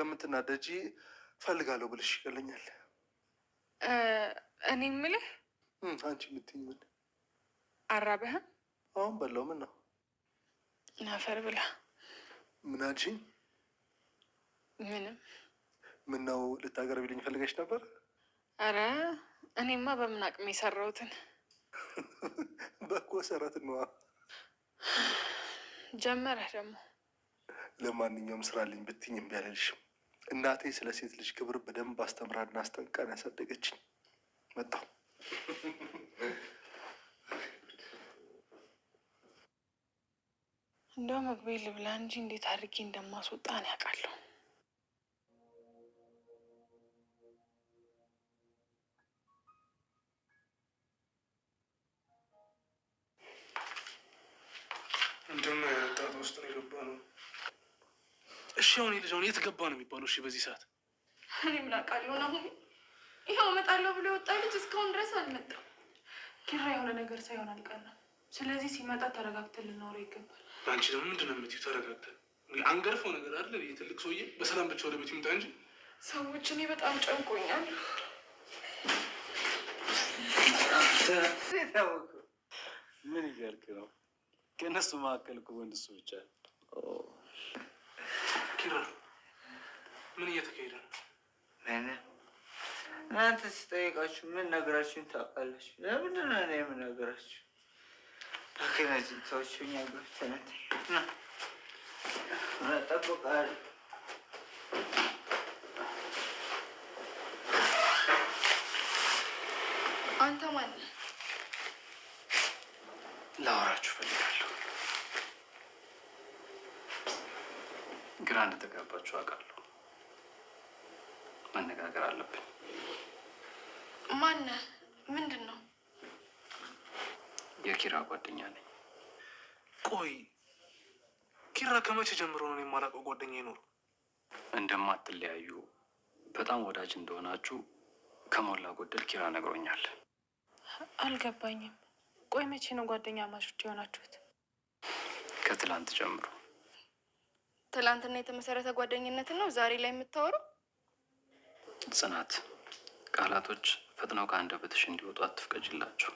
እስከምትናደጂ ፈልጋለሁ ብልሽ ይቀለኛል። እኔ ምልህ አንቺ የምትይኝ ምን አራበህም? አሁን በላው። ምን ነው ናፈር ብላ ምን አልሽኝ? ምንም። ምን ነው ልታቀርቢልኝ ፈልገሽ ነበር? አረ እኔማ በምን አቅሜ የሰራሁትን በኮ ሰራት ነዋ። ጀመረህ ደግሞ። ለማንኛውም ስራልኝ ብትኝ እምቢ አልልሽም። እናቴ ስለ ሴት ልጅ ክብር በደንብ አስተምራና አስጠንቀን ያሳደገች መጣሁ። እንደው መግቤ ልብላ እንጂ እንዴት አድርጌ እንደማስወጣን ያውቃለሁ። አሁን የት ገባ ነው የሚባለው? እሺ በዚህ ሰዓት እኔ ምን አውቃለሁ። አሁን ይኸው እመጣለሁ ብሎ የወጣ ልጅ እስካሁን ድረስ አልመጣም። ኪራ የሆነ ነገር ሳይሆን አልቀረም። ስለዚህ ሲመጣ ተረጋግተን ልናወራው ይገባል። አንቺ ደግሞ ምንድን ነው የምትይው? ተረጋግተን አንገርፈው ነገር አለ። ትልቅ ሰውዬ በሰላም ብቻ ወደ ቤት ይምጣ እንጂ ሰዎች፣ እኔ በጣም ጨንቆኛል። ምን እያልክ ነው? ከእነሱ መካከል እኮ ወንድ እሱ ብቻ ኪራ ምን እየተካሄደ ነው? ምን እናንተ ስጠይቃችሁ ምን ነገራችሁን ታውቃለች? ለምንድን ነው የምነግራችሁ? ከነዚህታዎች ኛ ገብተነት ጠብቃለሁ አንተ ማን ላወራችሁ ፈልጋለሁ። ግራ እንደተጋባችሁ አውቃለሁ። መነጋገር አለብን። ማነ ምንድን ነው? የኪራ ጓደኛ ነኝ። ቆይ ኪራ ከመቼ ጀምሮ ነው የማላውቀው ጓደኛ ይኖሩ? እንደማትለያዩ በጣም ወዳጅ እንደሆናችሁ ከሞላ ጎደል ኪራ ነግሮኛል። አልገባኝም። ቆይ መቼ ነው ጓደኛ ማሾች የሆናችሁት? ከትላንት ጀምሮ። ትላንትና የተመሰረተ ጓደኝነትን ነው ዛሬ ላይ የምታወራው? ጽናት ቃላቶች ፈጥነው ከአንደበትሽ እንዲወጡ አትፍቀጅላቸው።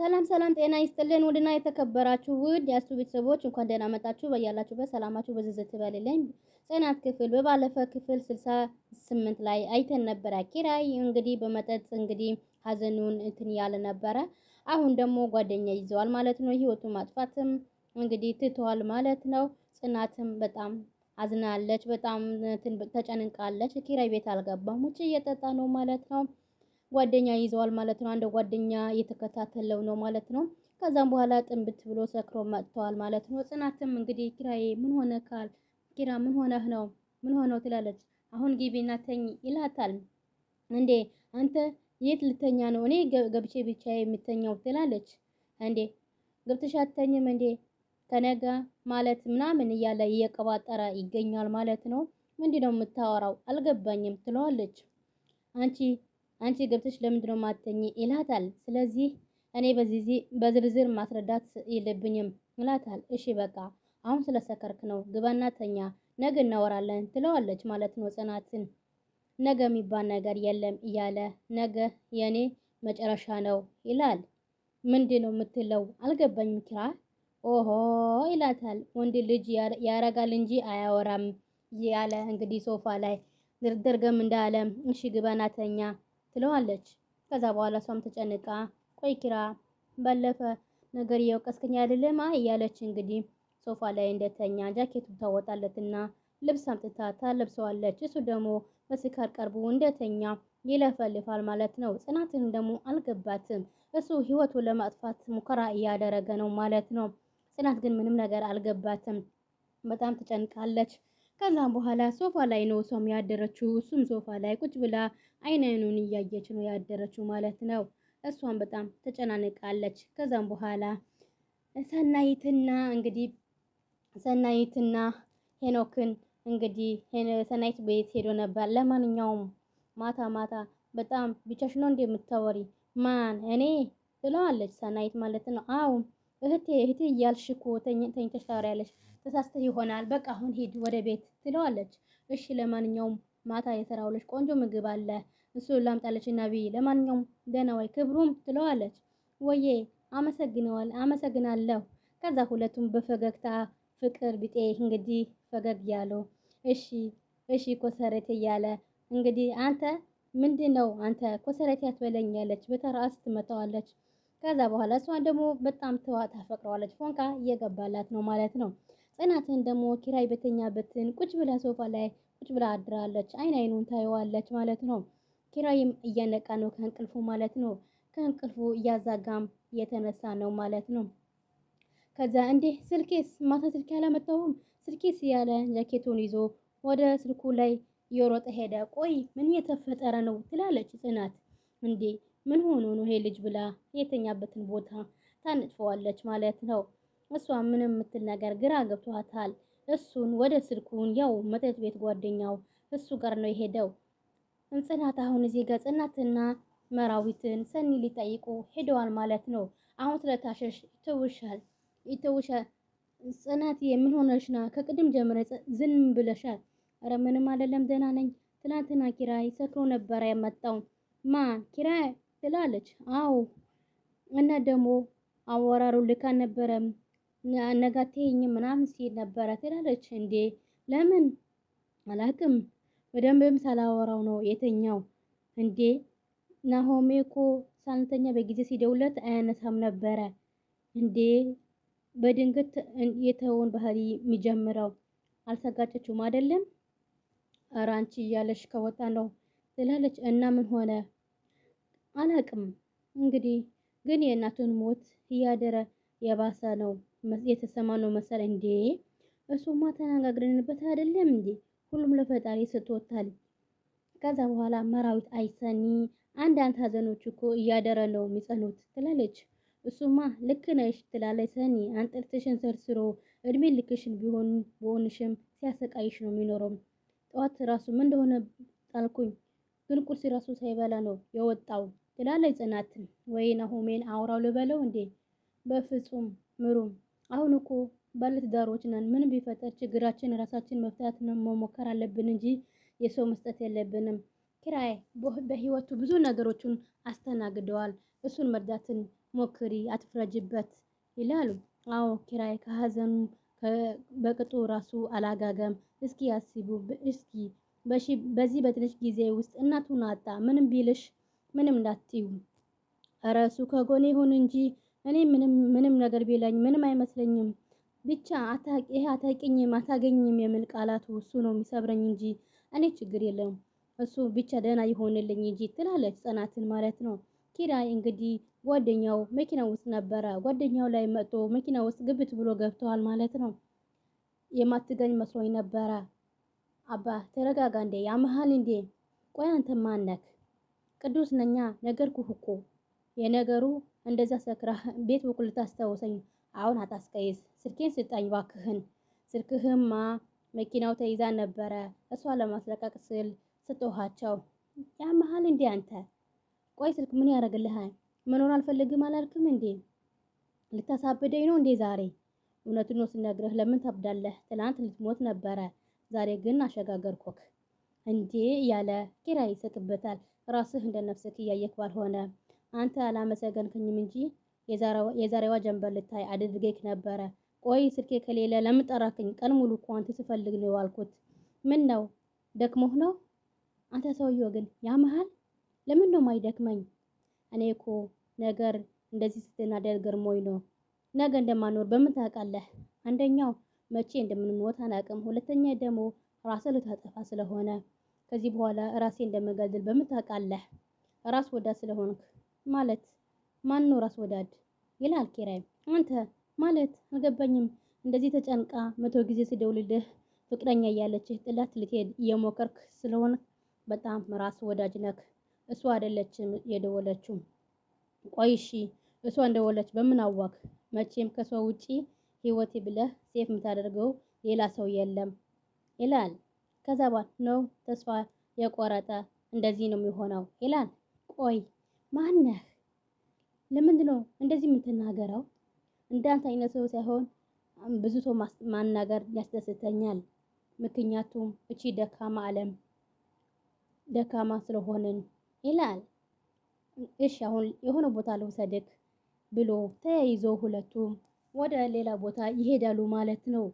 ሰላም ሰላም፣ ጤና ይስጥልን ውድና የተከበራችሁ ውድ ያሱ ቤተሰቦች እንኳን ደህና መጣችሁ። በያላችሁበት ሰላማችሁ በዝዝት ይበልልኝ። ጽናት ክፍል በባለፈ ክፍል ስልሳ ስምንት ላይ አይተን ነበረ። ኪራይ እንግዲህ በመጠጥ እንግዲህ ሀዘኑን እንትን ያለ ነበረ። አሁን ደግሞ ጓደኛ ይዘዋል ማለት ነው። ህይወቱን ማጥፋትም እንግዲህ ትተዋል ማለት ነው። ጽናትም በጣም አዝናለች፣ በጣም ተጨንቃለች። ኪራይ ቤት አልገባም፣ ውጭ እየጠጣ ነው ማለት ነው። ጓደኛ ይዘዋል ማለት ነው። አንድ ጓደኛ እየተከታተለው ነው ማለት ነው። ከዛም በኋላ ጥንብት ብሎ ሰክሮ መጥተዋል ማለት ነው። ጽናትም እንግዲህ ኪራይ ምን ሆነ ካል ኪራ ምን ሆነህ ነው ምን ሆነው ትላለች። አሁን ግቢና ተኝ ይላታል። እንዴ አንተ የት ልተኛ ነው? እኔ ገብቼ ብቻ የምተኛው ትላለች። እንዴ ገብተሽ አትተኝም እንዴ? ከነጋ ማለት ምናምን እያለ እየቀባጠረ ይገኛል ማለት ነው። ምንድን ነው የምታወራው አልገባኝም ትለዋለች። አንቺ አንቺ ገብተሽ ለምንድን ነው ማተኝ ይላታል። ስለዚህ እኔ በዚህ በዝርዝር ማስረዳት የለብኝም ይላታል። እሺ በቃ አሁን ስለሰከርክ ነው ግባና ተኛ፣ ነገ እናወራለን ትለዋለች ማለት ነው ጽናትን። ነገ የሚባል ነገር የለም እያለ ነገ የኔ መጨረሻ ነው ይላል። ምንድን ነው የምትለው አልገባኝም ኪራ ኦሆ ይላታል። ወንድ ልጅ ያረጋል እንጂ አያወራም ያለ እንግዲህ ሶፋ ላይ ድርገም እንዳለ እሺ ግባና ተኛ ትለዋለች። ከዛ በኋላ እሷም ተጨንቃ ቆይ ኪራ ባለፈ ነገር እየወቀስከኝ አይደለም እያለች እንግዲህ ሶፋ ላይ እንደተኛ ጃኬቱ ታወጣለትና ልብስ አምጥታ ታለብሰዋለች። እሱ ደግሞ በስካር ቀርቦ እንደተኛ ይለፈልፋል ማለት ነው። ጽናትን ደግሞ አልገባትም። እሱ ህይወቱ ለማጥፋት ሙከራ እያደረገ ነው ማለት ነው። ጽናት ግን ምንም ነገር አልገባትም። በጣም ትጨንቃለች። ከዛም በኋላ ሶፋ ላይ ነው እሷም ያደረችው። እሱም ሶፋ ላይ ቁጭ ብላ አይን አይኑን እያየች ነው ያደረችው ማለት ነው። እሷም በጣም ተጨናንቃለች። ከዛም በኋላ ሰናይትና እንግዲህ ሰናይትና ሄኖክን እንግዲህ ሰናይት ቤት ሄዶ ነበር። ለማንኛውም ማታ ማታ በጣም ብቻሽ ነው እንደምታወሪ ማን እኔ ትለዋለች ሰናይት ማለት ነው። አው እህቴ እህቴ እያልሽ እኮ ተኝተሽ ታወሪያለሽ፣ ተሳስተሽ ይሆናል። በቃ አሁን ሂድ ወደ ቤት ትለዋለች። እሺ ለማንኛውም ማታ የሰራሁልሽ ቆንጆ ምግብ አለ፣ እሱ ላምጣለች እና ለማንኛውም ደህና ወይ ክብሩም ትለዋለች። ወዬ አመሰግነዋል አመሰግናለሁ። ከዛ ሁለቱም በፈገግታ ፍቅር ቢጤ እንግዲህ ፈገግ ያሉ እሺ እሺ ኮሰረቴ እያለ እንግዲህ አንተ ምንድን ነው አንተ ኮሰረቴ አትበለኛለች በተራስ ትመታዋለች። ከዛ በኋላ እሷን ደግሞ በጣም ትዋ ታፈቅረዋለች። ፎንቃ እየገባላት ነው ማለት ነው። ጽናትን ደግሞ ኪራይ በተኛበትን ቁጭ ብላ ሶፋ ላይ ቁጭ ብላ አድራለች። አይን አይኑን ታየዋለች ማለት ነው። ኪራይም እያነቃ ነው ከእንቅልፉ ማለት ነው። ከእንቅልፉ እያዛጋም እየተነሳ ነው ማለት ነው። ከዛ እንዲህ ስልኬስ ማታ ስልኬ ስልኬስ ያለ ጃኬቱን ይዞ ወደ ስልኩ ላይ እየሮጠ ሄደ። ቆይ ምን እየተፈጠረ ነው ትላለች ጽናት። እንዴ ምን ሆኖ ነው ይሄ ልጅ ብላ የተኛበትን ቦታ ታንጥፈዋለች ማለት ነው። እሷ ምንም የምትል ነገር ግራ ገብቷታል። እሱን ወደ ስልኩን ያው መጠጥ ቤት ጓደኛው እሱ ጋር ነው የሄደው። ጽናት አሁን እዚህ ጋር ጽናትና መራዊትን ሰኒ ሊጠይቁ ሄደዋል ማለት ነው። አሁን ስለታሸሽ ይተውሻል ይተውሻል። ጽናት የምን ና? ከቅድም ጀምረ ዝም ብለሻል። ኧረ ምንም አይደለም ደህና ነኝ። ትናንትና ኪራይ ሰክሮ ነበረ የመጣው ማን ኪራይ ትላለች። አዎ እና ደግሞ አወራሩ ልክ አልነበረም አነጋቴኝ ምናምን ሲል ነበረ ትላለች። እንዴ ለምን አላውቅም፣ በደንብም ሳላወራው ነው የተኛው። እንዴ ናሆሜ እኮ ሳልተኛ በጊዜ ሲደውለት አያነሳም ነበረ። እንዴ በድንገት የተውን ባህሪ የሚጀምረው አልሰጋጨችውም አይደለም? ኧረ አንቺ እያለሽ ከወጣ ነው ትላለች። እና ምን ሆነ አላቅም። እንግዲህ ግን የእናቱን ሞት እያደረ የባሰ ነው የተሰማ ነው መሰል። እንዴ እሱማ ተነጋግረንበት አይደለም እንዴ? ሁሉም ለፈጣሪ ስቶታል። ከዛ በኋላ መራዊት አይሰኒ አንዳንድ ሀዘኖች እኮ እያደረ ነው የሚጸኑት ትላለች። እሱማ ልክ ነሽ ትላለች ሰኒ። አንጠልጥሽን ሰርስሮ እድሜ ልክሽን ቢሆን በሆንሽም ሲያሰቃይሽ ነው የሚኖረው። ጠዋት ራሱ ምን እንደሆነ ጣልኩኝ፣ ግን ቁርስ ራሱ ሳይበላ ነው የወጣው ትላለች ጽናትን። ወይ ናሆሜን አውራው ልበለው እንዴ? በፍጹም ምሩም፣ አሁን እኮ ባለትዳሮች ነን። ምን ቢፈጠር ችግራችን ራሳችን መፍታት ነው መሞከር አለብን እንጂ የሰው መስጠት የለብንም። ኪራይ በህይወቱ ብዙ ነገሮችን አስተናግደዋል። እሱን መርዳትን ሞክሪ፣ አትፍረጅበት ይላሉ። አዎ ኪራይ ከሀዘኑ በቅጡ ራሱ አላጋገም። እስኪ ያስቡ፣ እስኪ በዚህ በትንሽ ጊዜ ውስጥ እናቱን አጣ። ምንም ቢልሽ ምንም እንዳትዩ እረ እሱ ከጎኔ ይሁን እንጂ እኔ ምንም ምንም ነገር ቢለኝ ምንም አይመስለኝም። ብቻ ይሄ አታቂኝ አታገኝም የሚል ቃላቱ እሱ ነው የሚሰብረኝ እንጂ እኔ ችግር የለም እሱ ብቻ ደህና ይሆንልኝ እንጂ ትላለች ጽናትን ማለት ነው። ኪራይ እንግዲህ ጓደኛው መኪና ውስጥ ነበረ። ጓደኛው ላይ መጥቶ መኪና ውስጥ ግብት ብሎ ገብተዋል ማለት ነው። የማትገኝ መስሎኝ ነበረ። አባ ተረጋጋ እንዴ ያመሃል እንዴ ቆይ አንተ ማነክ ቅዱስ ነኛ ነገርኩህ እኮ የነገሩ እንደዛ ሰክራህ ቤት በኩል ልታስታውሰኝ አሁን አታስቀይዝ። ስልኬን ስጣኝ ባክህን። ስልክህማ መኪናው ተይዛ ነበረ። እሷ ለማስለቀቅ ስል ስጦኋቸው። ያመሃል እንዴ አንተ? ቆይ ስልክ ምን ያደርግልሃል? መኖር አልፈልግም አላልክም እንዴ? ልታሳብደኝ ነው እንዴ ዛሬ? እውነቱን ነው ስነግርህ። ለምን ታብዳለህ? ትናንት ልትሞት ነበረ። ዛሬ ግን አሸጋገርኮክ እንዴ ያለ ኪራ ይሰጥበታል። ራስህ እንደ ነፍስህ እያየክ ባልሆነ አንተ አላመሰገንክኝም እንጂ የዛሬዋ ጀንበር ልታይ አድርጌክ ነበረ። ቆይ ስልኬ ከሌለ ለምን ጠራክኝ? ቀን ሙሉ እኮ አንተ ስፈልግ ነው የዋልኩት። ምን ነው ደክሞህ ነው? አንተ ሰውዬው ግን ያመሃል። ለምን ነው ማይደክመኝ? እኔ እኮ ነገር እንደዚህ ስትናደድ ገርሞኝ ነው። ነገ እንደማኖር በምን ታውቃለህ? አንደኛው መቼ እንደምንሞት አናውቅም፣ ሁለተኛ ደግሞ ራስህ ልታጠፋ ስለሆነ ከዚህ በኋላ ራሴ እንደመጋደል በምታውቃለህ ራስ ወዳድ ስለሆንክ ማለት ማን ነው ራስ ወዳድ ይላል ኪራይ አንተ ማለት አልገባኝም እንደዚህ ተጨንቃ መቶ ጊዜ ስደውልልህ ፍቅረኛ እያለችህ ጥላት ልትሄድ እየሞከርክ ስለሆነ በጣም ራስ ወዳጅ ነክ እሷ አይደለችም የደወለችው ቆይሺ እሷ እንደወለች በምን አዋክ መቼም ከሷ ውጪ ህይወቴ ብለህ ሴፍ የምታደርገው ሌላ ሰው የለም ይላል ከዛ በኋላ ነው ተስፋ የቆረጠ እንደዚህ ነው የሚሆነው ይላል። ቆይ ማነህ? ለምንድን ነው እንደዚህ የምትናገረው? እንዳንተ አይነት ሰው ሳይሆን ብዙ ሰው ማናገር ያስደስተኛል። ምክንያቱም እቺ ደካማ ዓለም ደካማ ስለሆንን ይላል። እሺ አሁን የሆነ ቦታ ልውሰድክ ብሎ ተያይዞ ሁለቱም ወደ ሌላ ቦታ ይሄዳሉ ማለት ነው።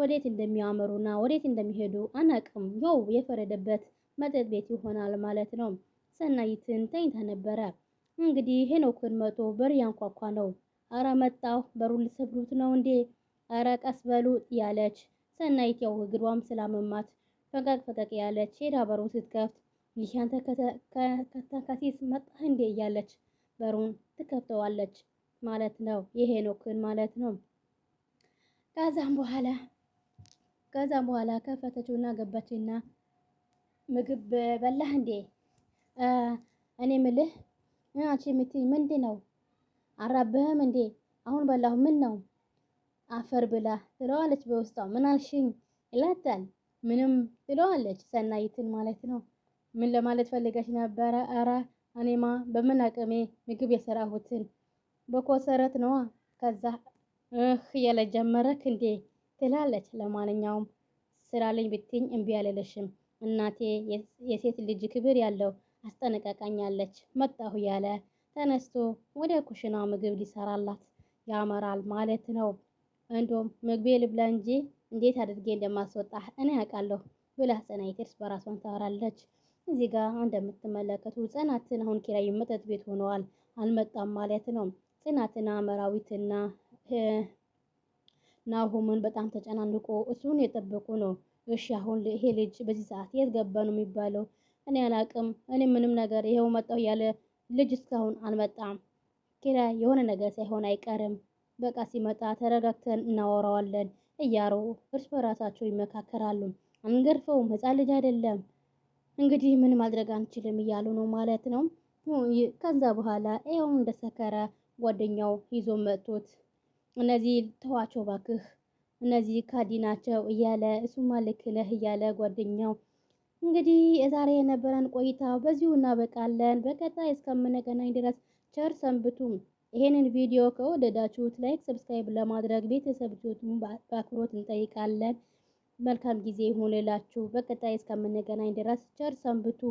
ወዴት እንደሚያመሩና ወዴት እንደሚሄዱ አናቅም። ያው የፈረደበት መጠጥ ቤት ይሆናል ማለት ነው። ሰናይትን ተኝታ ነበረ። እንግዲህ ሄኖክን መቶ በር ያንኳኳ ነው። አረ መጣሁ፣ በሩን ልትሰብሩት ነው እንዴ? አረ ቀስ በሉ ያለች ሰናይት ያው እግሯም ስላመማት ፈቀቅ ፈቀቅ ያለች ሄዳ በሩን ስትከፍት ይህ አንተ ከተከሲስ መጣህ እንዴ እያለች በሩን ትከፍተዋለች ማለት ነው። የሄኖክን ማለት ነው። ከዛም በኋላ ከዛም በኋላ ከፈተችውና ገባችና ምግብ በላህ እንዴ? እኔ ምልህ አንቺ የምትይ ምንድ ነው? አራብህም እንዴ? አሁን በላሁ ምን ነው አፈር ብላ ትለዋለች። በውስጧ ምን አልሽኝ ይላታል። ምንም ትለዋለች፣ ሰናይትን ማለት ነው። ምን ለማለት ፈልገሽ ነበረ? አረ እኔማ በምን አቅሜ ምግብ የሰራሁትን በኮሰረት ነዋ። ከዛ እህ እያለ ጀመረክ እንዴ ትላለች። ለማንኛውም ስራልኝ ብትኝ እምቢ አልልሽም። እናቴ የሴት ልጅ ክብር ያለው አስጠነቀቀኛለች። መጣሁ ያለ ተነስቶ ወደ ኩሽና ምግብ ሊሰራላት ያመራል ማለት ነው። እንዶም ምግቤ ልብላ እንጂ እንዴት አድርጌ እንደማስወጣ እኔ ያውቃለሁ ብላ ጽናት በራሷን ታወራለች። እዚህ ጋር እንደምትመለከቱ ጽናትን አሁን ኪራይ መጠጥ ቤት ሆነዋል። አልመጣም ማለት ነው። ጽናትና መራዊትና ናሆምን በጣም ተጨናንቆ እሱን የጠበቁ ነው። እሺ አሁን ይሄ ልጅ በዚህ ሰዓት የት ገባ ነው የሚባለው? እኔ አላቅም፣ እኔ ምንም ነገር ይሄው መጣሁ ያለ ልጅ እስካሁን አልመጣም። ኪራ የሆነ ነገር ሳይሆን አይቀርም። በቃ ሲመጣ ተረጋግተን እናወራዋለን እያሩ እርስ በራሳቸው ይመካከራሉ። አንገርፈውም፣ ህፃን ልጅ አይደለም። እንግዲህ ምን ማድረግ አንችልም እያሉ ነው ማለት ነው። ከዛ በኋላ ይኸው እንደሰከረ ጓደኛው ይዞ መጥቶት እነዚህ ተዋቸው ባክህ፣ እነዚህ ካዲ ናቸው እያለ እሱማ ልክ ነህ እያለ ጓደኛው። እንግዲህ ዛሬ የነበረን ቆይታ በዚሁ እናበቃለን። በቀጣይ እስከምንገናኝ ድረስ ቸር ሰንብቱ። ይሄንን ቪዲዮ ከወደዳችሁት ላይክ፣ ሰብስክራይብ ለማድረግ ቤተሰብ ጆቱን በአክብሮት እንጠይቃለን። መልካም ጊዜ ይሁንላችሁ። በቀጣይ እስከምንገናኝ ድረስ ቸር ሰንብቱ።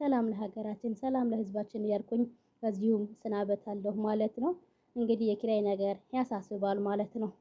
ሰላም ለሀገራችን፣ ሰላም ለሕዝባችን እያልኩኝ በዚሁም ሰናበታለሁ ማለት ነው። እንግዲህ የኪራይ ነገር ያሳስባል ማለት ነው።